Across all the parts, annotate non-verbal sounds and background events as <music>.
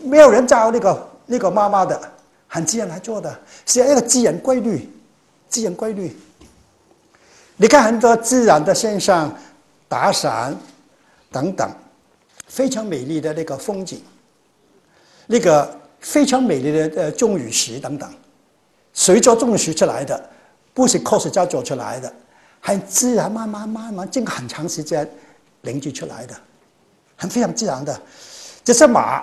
沒有人造那個那個媽媽的，很自然來做的，是一個自然規律，自然規律。你看很多自然的現象，打傘等等，非常美麗的那個風景，那個非常美麗的呃鐘乳石等等，隨着鐘乳石出來的，不是科學家做出來的，很自然慢慢慢慢經過很長時間凝聚出來的，很非常自然的。這是馬。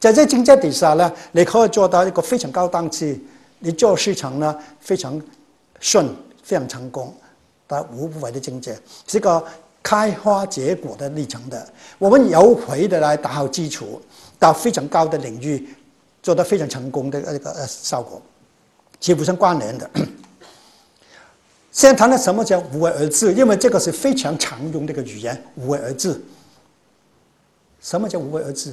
在這境界底下咧，你可以做到一個非常高檔次，你做事情呢，非常順，非常成功，但無不為的境界，是一個開花結果的歷程的。我們有為地來打好基礎，到非常高的領域，做到非常成功的一個效果，是互相關聯的。先談到什麼叫無為而治，因為這個是非常常用的一個語言，無為而治。什麼叫無為而治？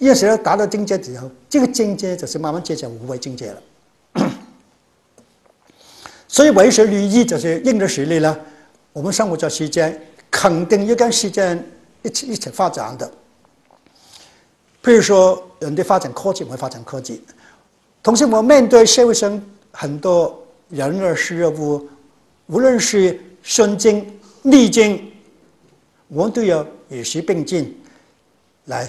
因此，達到境界之後，這個境界就是慢慢接近無為境界了。 <coughs> 所以，唯識律儀就是應着實力了。我們生活着世間，肯定要跟時間一起一起發展的。譬如說，人哋發展科技，我們發展科技，同時我們面對社會上很多人、人、事物，無論是順境逆境，我們都要與時並進來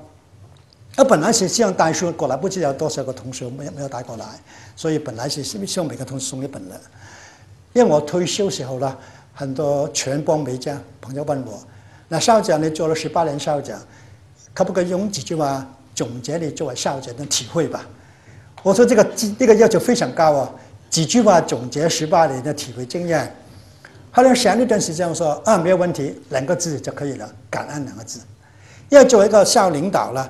我本來是這樣帶書過來，不知道有多少個同學沒有帶過來。所以本來是希望每個同學送一本的。因為我退休時候呢，很多全幫美家朋友問我，那校長你做了十八年校長，可不可以用幾句話總結你作為校長的體會吧？我說這個這個要求非常高哦，幾句話總結十八年的體會經驗。後來想一段時間我說啊，沒有問題，兩個字就可以了，感恩兩個字。因為作為一個校領導呢。